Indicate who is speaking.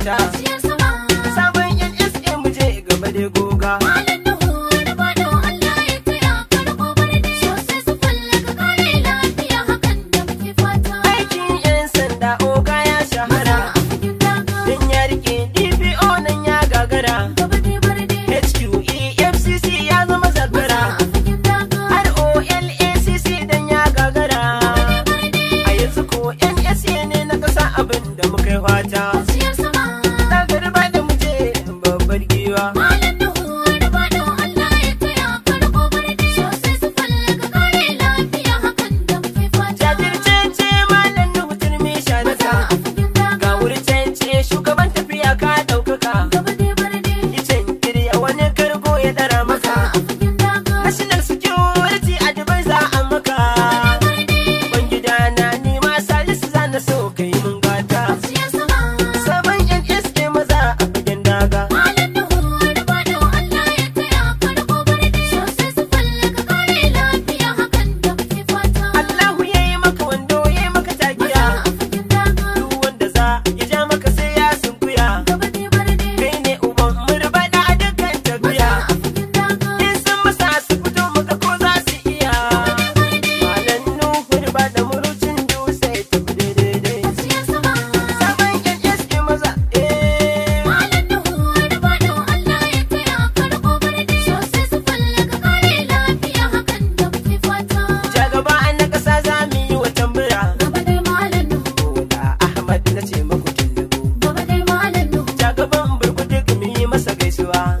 Speaker 1: tchau. va.